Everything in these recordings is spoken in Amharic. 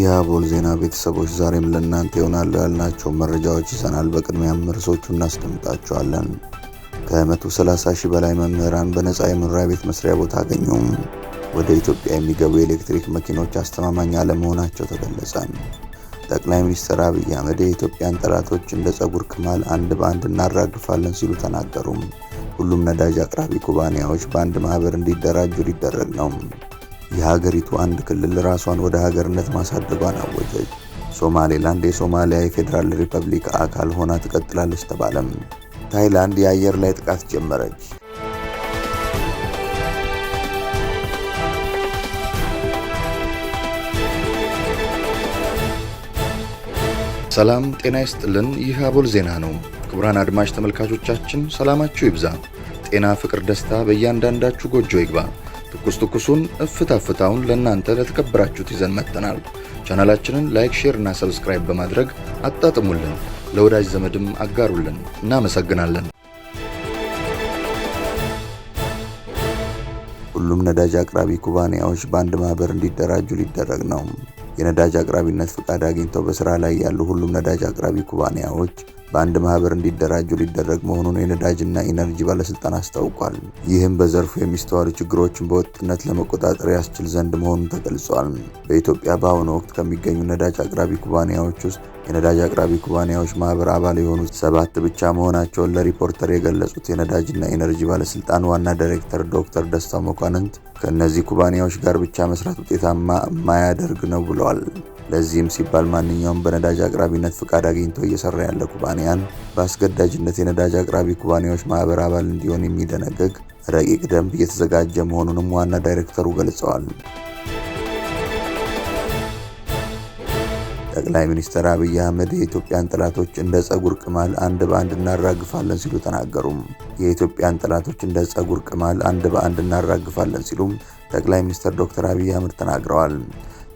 የአቦል ዜና ቤተሰቦች ዛሬም ለእናንተ ይሆናሉ ያልናቸው መረጃዎች ይዘናል። በቅድሚያም ርዕሶቹ እናስደምጣቸዋለን። ከ130 ሺህ በላይ መምህራን በነፃ የመኖሪያ ቤት መስሪያ ቦታ አገኙም። ወደ ኢትዮጵያ የሚገቡ የኤሌክትሪክ መኪኖች አስተማማኝ አለመሆናቸው ተገለጸ። ጠቅላይ ሚኒስትር አብይ አህመድ የኢትዮጵያን ጠላቶች እንደ ጸጉር ክማል አንድ በአንድ እናራግፋለን ሲሉ ተናገሩም። ሁሉም ነዳጅ አቅራቢ ኩባንያዎች በአንድ ማህበር እንዲደራጁ ሊደረግ ነው። የሀገሪቱ አንድ ክልል ራሷን ወደ ሀገርነት ማሳደጓን አወጀች። ሶማሌላንድ የሶማሊያ የፌዴራል ሪፐብሊክ አካል ሆና ትቀጥላለች ተባለም። ታይላንድ የአየር ላይ ጥቃት ጀመረች። ሰላም ጤና ይስጥልን። ይህ አቦል ዜና ነው። ክቡራን አድማጭ ተመልካቾቻችን ሰላማችሁ ይብዛ፣ ጤና፣ ፍቅር፣ ደስታ በእያንዳንዳችሁ ጎጆ ይግባ። ትኩስ ትኩሱን እፍታ ፍታውን ለእናንተ ለተከበራችሁት ይዘን መጥተናል። ቻናላችንን ላይክ፣ ሼር እና ሰብስክራይብ በማድረግ አጣጥሙልን፣ ለወዳጅ ዘመድም አጋሩልን። እናመሰግናለን። ሁሉም ነዳጅ አቅራቢ ኩባንያዎች በአንድ ማህበር እንዲደራጁ ሊደረግ ነው። የነዳጅ አቅራቢነት ፍቃድ አግኝተው በስራ ላይ ያሉ ሁሉም ነዳጅ አቅራቢ ኩባንያዎች በአንድ ማህበር እንዲደራጁ ሊደረግ መሆኑን የነዳጅና ኢነርጂ ባለስልጣን አስታውቋል። ይህም በዘርፉ የሚስተዋሉ ችግሮችን በወጥነት ለመቆጣጠር ያስችል ዘንድ መሆኑን ተገልጿል። በኢትዮጵያ በአሁኑ ወቅት ከሚገኙ ነዳጅ አቅራቢ ኩባንያዎች ውስጥ የነዳጅ አቅራቢ ኩባንያዎች ማህበር አባል የሆኑት ሰባት ብቻ መሆናቸውን ለሪፖርተር የገለጹት የነዳጅና ኢነርጂ ባለስልጣን ዋና ዳይሬክተር ዶክተር ደስታው መኳንንት ከእነዚህ ኩባንያዎች ጋር ብቻ መስራት ውጤታማ የማያደርግ ነው ብለዋል። ለዚህም ሲባል ማንኛውም በነዳጅ አቅራቢነት ፍቃድ አግኝቶ እየሰራ ያለ ኩባንያ ኩባንያን በአስገዳጅነት የነዳጅ አቅራቢ ኩባንያዎች ማህበር አባል እንዲሆን የሚደነግግ ረቂቅ ደንብ እየተዘጋጀ መሆኑንም ዋና ዳይሬክተሩ ገልጸዋል። ጠቅላይ ሚኒስትር አብይ አህመድ የኢትዮጵያን ጠላቶች እንደ ጸጉር ቅማል አንድ በአንድ እናራግፋለን ሲሉ ተናገሩም። የኢትዮጵያን ጠላቶች እንደ ጸጉር ቅማል አንድ በአንድ እናራግፋለን ሲሉም ጠቅላይ ሚኒስትር ዶክተር አብይ አህመድ ተናግረዋል።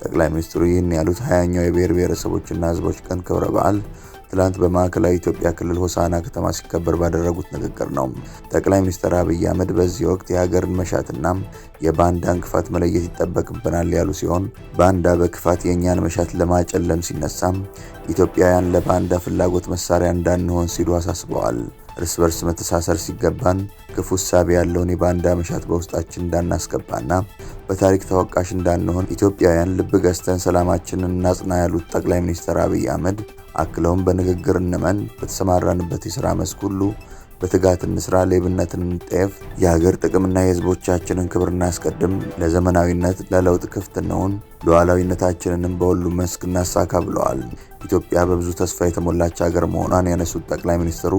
ጠቅላይ ሚኒስትሩ ይህን ያሉት ሀያኛው የብሔር ብሔረሰቦችና ህዝቦች ቀን ክብረ በዓል ትላንት በማዕከላዊ ኢትዮጵያ ክልል ሆሳና ከተማ ሲከበር ባደረጉት ንግግር ነው። ጠቅላይ ሚኒስትር አብይ አህመድ በዚህ ወቅት የሀገርን መሻትና የባንዳን ክፋት መለየት ይጠበቅብናል ያሉ ሲሆን ባንዳ በክፋት የእኛን መሻት ለማጨለም ሲነሳም ኢትዮጵያውያን ለባንዳ ፍላጎት መሳሪያ እንዳንሆን ሲሉ አሳስበዋል። እርስ በርስ መተሳሰር ሲገባን ክፉ እሳቤ ያለውን የባንዳ መሻት በውስጣችን እንዳናስገባና በታሪክ ተወቃሽ እንዳንሆን ኢትዮጵያውያን ልብ ገዝተን ሰላማችንን እናጽና ያሉት ጠቅላይ ሚኒስትር አብይ አህመድ አክለውም በንግግር እንመን፣ በተሰማራንበት የሥራ መስክ ሁሉ በትጋት እንስራ፣ ሌብነትን እንጠየፍ፣ የሀገር ጥቅምና የሕዝቦቻችንን ክብር እናስቀድም፣ ለዘመናዊነት ለለውጥ ክፍት እንሁን፣ ሉዓላዊነታችንንም በሁሉ መስክ እናሳካ ብለዋል። ኢትዮጵያ በብዙ ተስፋ የተሞላች ሀገር መሆኗን ያነሱት ጠቅላይ ሚኒስትሩ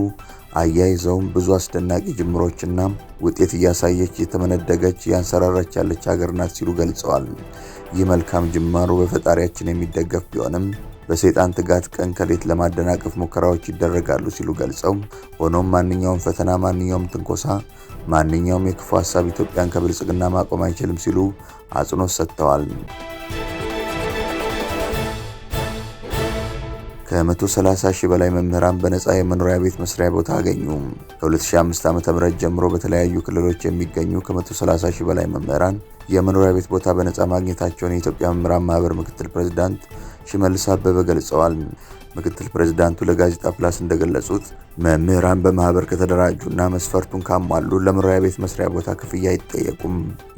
አያይዘውም ብዙ አስደናቂ ጅምሮችና ውጤት እያሳየች የተመነደገች ያንሰራራች ያለች ሀገር ናት ሲሉ ገልጸዋል። ይህ መልካም ጅማሩ በፈጣሪያችን የሚደገፍ ቢሆንም በሰይጣን ትጋት ቀን ከሌት ለማደናቀፍ ሙከራዎች ይደረጋሉ ሲሉ ገልጸው፣ ሆኖም ማንኛውም ፈተና፣ ማንኛውም ትንኮሳ፣ ማንኛውም የክፉ ሀሳብ ኢትዮጵያን ከብልጽግና ማቆም አይችልም ሲሉ አጽንኦት ሰጥተዋል። ከ130 ሺህ በላይ መምህራን በነፃ የመኖሪያ ቤት መስሪያ ቦታ አገኙ። ከ2005 ም ጀምሮ በተለያዩ ክልሎች የሚገኙ ከ130 ሺህ በላይ መምህራን የመኖሪያ ቤት ቦታ በነፃ ማግኘታቸውን የኢትዮጵያ መምህራን ማህበር ምክትል ፕሬዝዳንት ሽመልስ አበበ ገልጸዋል። ምክትል ፕሬዝዳንቱ ለጋዜጣ ፕላስ እንደገለጹት መምህራን በማህበር ከተደራጁና መስፈርቱን ካሟሉ ለመኖሪያ ቤት መስሪያ ቦታ ክፍያ አይጠየቁም።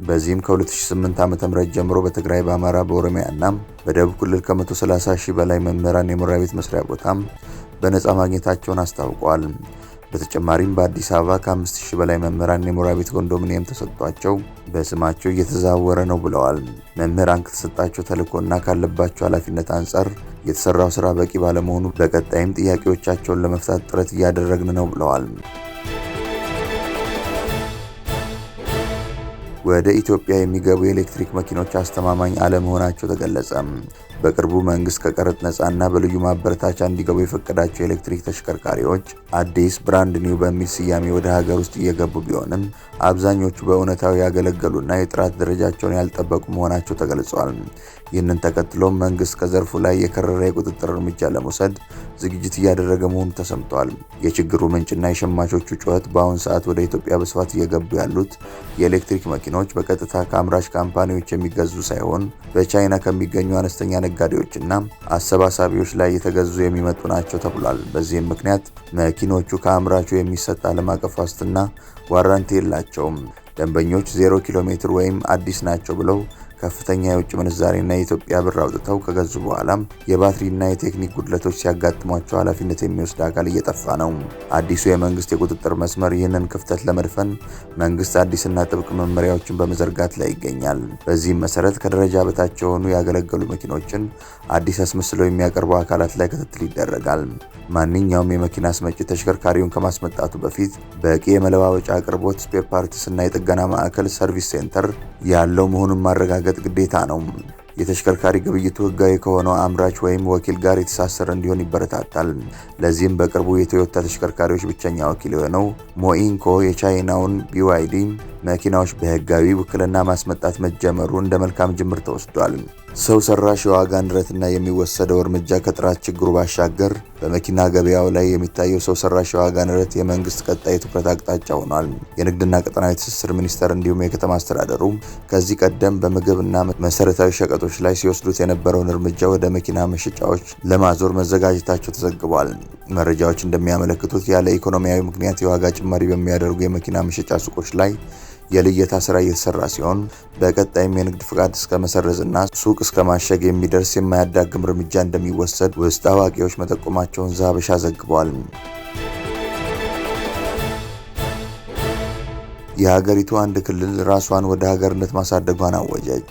በዚህም ከ2008 ዓ ም ጀምሮ በትግራይ፣ በአማራ፣ በኦሮሚያና በደቡብ ክልል ከ130 ሺህ በላይ መምህራን የመኖሪያ ቤት መስሪያ ቦታም በነፃ ማግኘታቸውን አስታውቀዋል። በተጨማሪም በአዲስ አበባ ከ5000 በላይ መምህራን የሞራ ቤት ኮንዶሚኒየም ተሰጥቷቸው በስማቸው እየተዛወረ ነው ብለዋል። መምህራን ከተሰጣቸው ተልዕኮና ካለባቸው ኃላፊነት አንጻር የተሰራው ስራ በቂ ባለመሆኑ በቀጣይም ጥያቄዎቻቸውን ለመፍታት ጥረት እያደረግን ነው ብለዋል። ወደ ኢትዮጵያ የሚገቡ የኤሌክትሪክ መኪኖች አስተማማኝ አለመሆናቸው ተገለጸ። በቅርቡ መንግስት ከቀረጥ ነፃና በልዩ ማበረታቻ እንዲገቡ የፈቀዳቸው የኤሌክትሪክ ተሽከርካሪዎች አዲስ ብራንድ ኒው በሚል ስያሜ ወደ ሀገር ውስጥ እየገቡ ቢሆንም አብዛኞቹ በእውነታዊ ያገለገሉና የጥራት ደረጃቸውን ያልጠበቁ መሆናቸው ተገልጿል። ይህንን ተከትሎም መንግስት ከዘርፉ ላይ የከረረ የቁጥጥር እርምጃ ለመውሰድ ዝግጅት እያደረገ መሆኑ ተሰምቷል። የችግሩ ምንጭና የሸማቾቹ ጩኸት በአሁኑ ሰዓት ወደ ኢትዮጵያ በስፋት እየገቡ ያሉት የኤሌክትሪክ መኪኖች መኪኖች በቀጥታ ከአምራች ካምፓኒዎች የሚገዙ ሳይሆን በቻይና ከሚገኙ አነስተኛ ነጋዴዎችና አሰባሳቢዎች ላይ የተገዙ የሚመጡ ናቸው ተብሏል። በዚህም ምክንያት መኪኖቹ ከአምራቹ የሚሰጥ ዓለም አቀፍ ዋስትና ዋራንቲ የላቸውም። ደንበኞች ዜሮ ኪሎ ሜትር ወይም አዲስ ናቸው ብለው ከፍተኛ የውጭ ምንዛሬና የኢትዮጵያ ብር አውጥተው ከገዙ በኋላም የባትሪና የቴክኒክ ጉድለቶች ሲያጋጥሟቸው ኃላፊነት የሚወስድ አካል እየጠፋ ነው። አዲሱ የመንግስት የቁጥጥር መስመር ይህንን ክፍተት ለመድፈን መንግስት አዲስና ጥብቅ መመሪያዎችን በመዘርጋት ላይ ይገኛል። በዚህም መሰረት ከደረጃ በታች የሆኑ ያገለገሉ መኪኖችን አዲስ አስመስለው የሚያቀርቡ አካላት ላይ ክትትል ይደረጋል። ማንኛውም የመኪና አስመጪ ተሽከርካሪውን ከማስመጣቱ በፊት በቂ የመለዋወጫ አቅርቦት፣ ስፔር ፓርትስ እና የጥገና ማዕከል ሰርቪስ ሴንተር ያለው መሆኑን ማረጋገጥ ማረጋገጥ ግዴታ ነው። የተሽከርካሪ ግብይቱ ህጋዊ ከሆነው አምራች ወይም ወኪል ጋር የተሳሰረ እንዲሆን ይበረታታል። ለዚህም በቅርቡ የቶዮታ ተሽከርካሪዎች ብቸኛ ወኪል የሆነው ሞኢንኮ የቻይናውን ቢዋይዲ መኪናዎች በህጋዊ ውክልና ማስመጣት መጀመሩ እንደ መልካም ጅምር ተወስዷል። ሰው ሰራሽ የዋጋ ንረትና የሚወሰደው እርምጃ ከጥራት ችግሩ ባሻገር በመኪና ገበያው ላይ የሚታየው ሰው ሰራሽ የዋጋ ንረት የመንግስት ቀጣይ ትኩረት አቅጣጫ ሆኗል። የንግድና ቀጠናዊ ትስስር ሚኒስቴር እንዲሁም የከተማ አስተዳደሩ ከዚህ ቀደም በምግብና መሰረታዊ ሸቀጦች ሱቆች ላይ ሲወስዱት የነበረውን እርምጃ ወደ መኪና መሸጫዎች ለማዞር መዘጋጀታቸው ተዘግቧል። መረጃዎች እንደሚያመለክቱት ያለ ኢኮኖሚያዊ ምክንያት የዋጋ ጭማሪ በሚያደርጉ የመኪና መሸጫ ሱቆች ላይ የልየታ ስራ እየተሰራ ሲሆን በቀጣይም የንግድ ፍቃድ እስከ መሰረዝና ሱቅ እስከ ማሸግ የሚደርስ የማያዳግም እርምጃ እንደሚወሰድ ውስጥ አዋቂዎች መጠቆማቸውን ዛበሻ ዘግቧል። የሀገሪቱ አንድ ክልል ራሷን ወደ ሀገርነት ማሳደጓን አወጀች።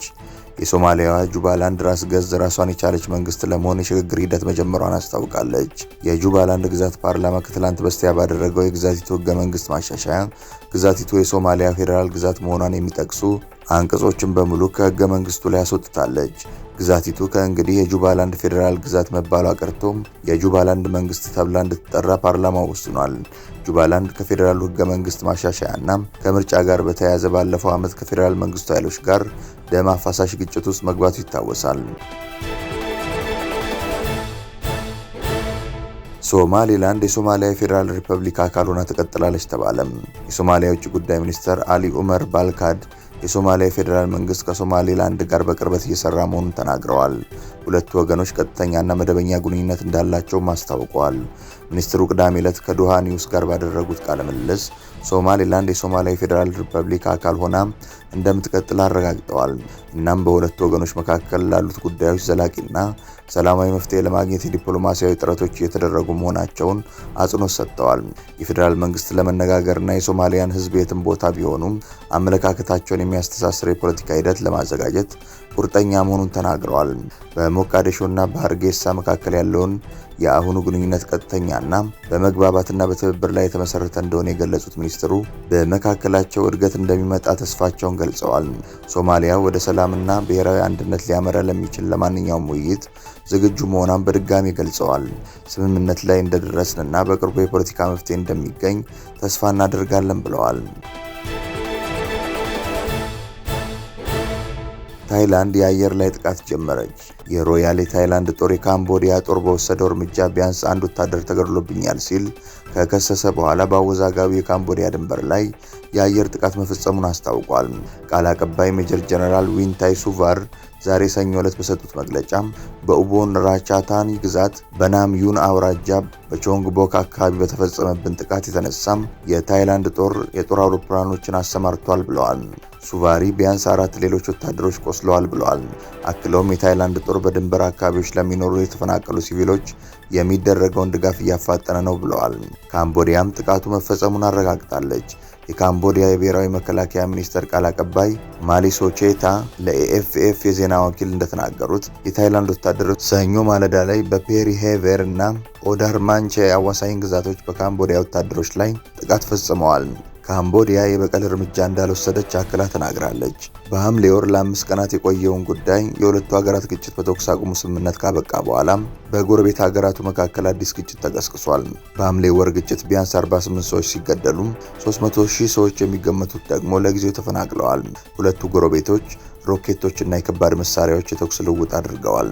የሶማሊያዋ ጁባላንድ ራስ ገዝ ራሷን የቻለች መንግስት ለመሆን የሽግግር ሂደት መጀመሯን አስታውቃለች። የጁባላንድ ግዛት ፓርላማ ከትላንት በስቲያ ባደረገው የግዛቲቱ ህገ መንግስት ማሻሻያ ግዛቲቱ የሶማሊያ ፌዴራል ግዛት መሆኗን የሚጠቅሱ አንቀጾችን በሙሉ ከህገ መንግስቱ ላይ አስወጥታለች። ግዛቲቱ ከእንግዲህ የጁባላንድ ፌዴራል ግዛት መባሏ ቀርቶም የጁባላንድ መንግስት ተብላ እንድትጠራ ፓርላማው ወስኗል። ጁባላንድ ከፌዴራሉ ህገ መንግስት ማሻሻያና ከምርጫ ጋር በተያያዘ ባለፈው ዓመት ከፌዴራል መንግስቱ ኃይሎች ጋር ደም አፋሳሽ ግጭት ውስጥ መግባቱ ይታወሳል። ሶማሌላንድ የሶማሊያ የፌዴራል ሪፐብሊክ አካል ሆና ትቀጥላለች ተባለም። የሶማሊያ የውጭ ጉዳይ ሚኒስትር አሊ ኡመር ባልካድ የሶማሊያ ፌዴራል መንግስት ከሶማሌላንድ ጋር በቅርበት እየሰራ መሆኑን ተናግረዋል። ሁለቱ ወገኖች ቀጥተኛና መደበኛ ግንኙነት እንዳላቸውም አስታውቀዋል። ሚኒስትሩ ቅዳሜ ዕለት ከዱሃ ኒውስ ጋር ባደረጉት ቃለ ምልልስ ሶማሌላንድ የሶማሊያ ፌዴራል ሪፐብሊክ አካል ሆና እንደምትቀጥል አረጋግጠዋል። እናም በሁለቱ ወገኖች መካከል ላሉት ጉዳዮች ዘላቂና ሰላማዊ መፍትሄ ለማግኘት የዲፕሎማሲያዊ ጥረቶች እየተደረጉ መሆናቸውን አጽንኦት ሰጥተዋል። የፌዴራል መንግስት ለመነጋገርና የሶማሊያን ህዝብ የትም ቦታ ቢሆኑም አመለካከታቸውን የሚያስተሳስር የፖለቲካ ሂደት ለማዘጋጀት ቁርጠኛ መሆኑን ተናግረዋል። በሞቃዲሾና በሀርጌሳ መካከል ያለውን የአሁኑ ግንኙነት ቀጥተኛና በመግባባትና በትብብር ላይ የተመሰረተ እንደሆነ የገለጹት ሚኒስትሩ በመካከላቸው እድገት እንደሚመጣ ተስፋቸውን ገልጸዋል። ሶማሊያ ወደ ሰላምና ብሔራዊ አንድነት ሊያመራ ለሚችል ለማንኛውም ውይይት ዝግጁ መሆኗን በድጋሚ ገልጸዋል። ስምምነት ላይ እንደደረስንና በቅርቡ የፖለቲካ መፍትሄ እንደሚገኝ ተስፋ እናደርጋለን ብለዋል። ታይላንድ የአየር ላይ ጥቃት ጀመረች። የሮያል የታይላንድ ጦር የካምቦዲያ ጦር በወሰደው እርምጃ ቢያንስ አንድ ወታደር ተገድሎብኛል ሲል ከከሰሰ በኋላ በአወዛጋቢው የካምቦዲያ ድንበር ላይ የአየር ጥቃት መፈጸሙን አስታውቋል። ቃል አቀባይ ሜጀር ጀነራል ዊንታይ ሱቫር ዛሬ ሰኞ ዕለት በሰጡት መግለጫም በኡቦን ራቻታኒ ግዛት በናምዩን አውራጃ በቾንግቦክ አካባቢ በተፈጸመብን ጥቃት የተነሳም የታይላንድ ጦር የጦር አውሮፕላኖችን አሰማርቷል ብለዋል። ሱቫሪ ቢያንስ አራት ሌሎች ወታደሮች ቆስለዋል ብለዋል። አክለውም የታይላንድ ጦር በድንበር አካባቢዎች ለሚኖሩ የተፈናቀሉ ሲቪሎች የሚደረገውን ድጋፍ እያፋጠነ ነው ብለዋል። ካምቦዲያም ጥቃቱ መፈጸሙን አረጋግጣለች። የካምቦዲያ የብሔራዊ መከላከያ ሚኒስቴር ቃል አቀባይ ማሊሶቼታ ለኤኤፍኤፍ የዜና ወኪል እንደተናገሩት የታይላንድ ወታደሮች ሰኞ ማለዳ ላይ በፔሪ ሄቬር እና ኦዳርማንቼ አዋሳኝ ግዛቶች በካምቦዲያ ወታደሮች ላይ ጥቃት ፈጽመዋል። ካምቦዲያ የበቀል እርምጃ እንዳልወሰደች አክላ ተናግራለች። በሐምሌ ወር ለአምስት ቀናት የቆየውን ጉዳይ የሁለቱ ሀገራት ግጭት በተኩስ አቁሙ ስምምነት ካበቃ በኋላም በጎረቤት ሀገራቱ መካከል አዲስ ግጭት ተቀስቅሷል። በሐምሌ ወር ግጭት ቢያንስ 48 ሰዎች ሲገደሉም 300 ሺህ ሰዎች የሚገመቱት ደግሞ ለጊዜው ተፈናቅለዋል። ሁለቱ ጎረቤቶች እና የከባድ መሳሪያዎች የተኩስ ልውውጥ አድርገዋል።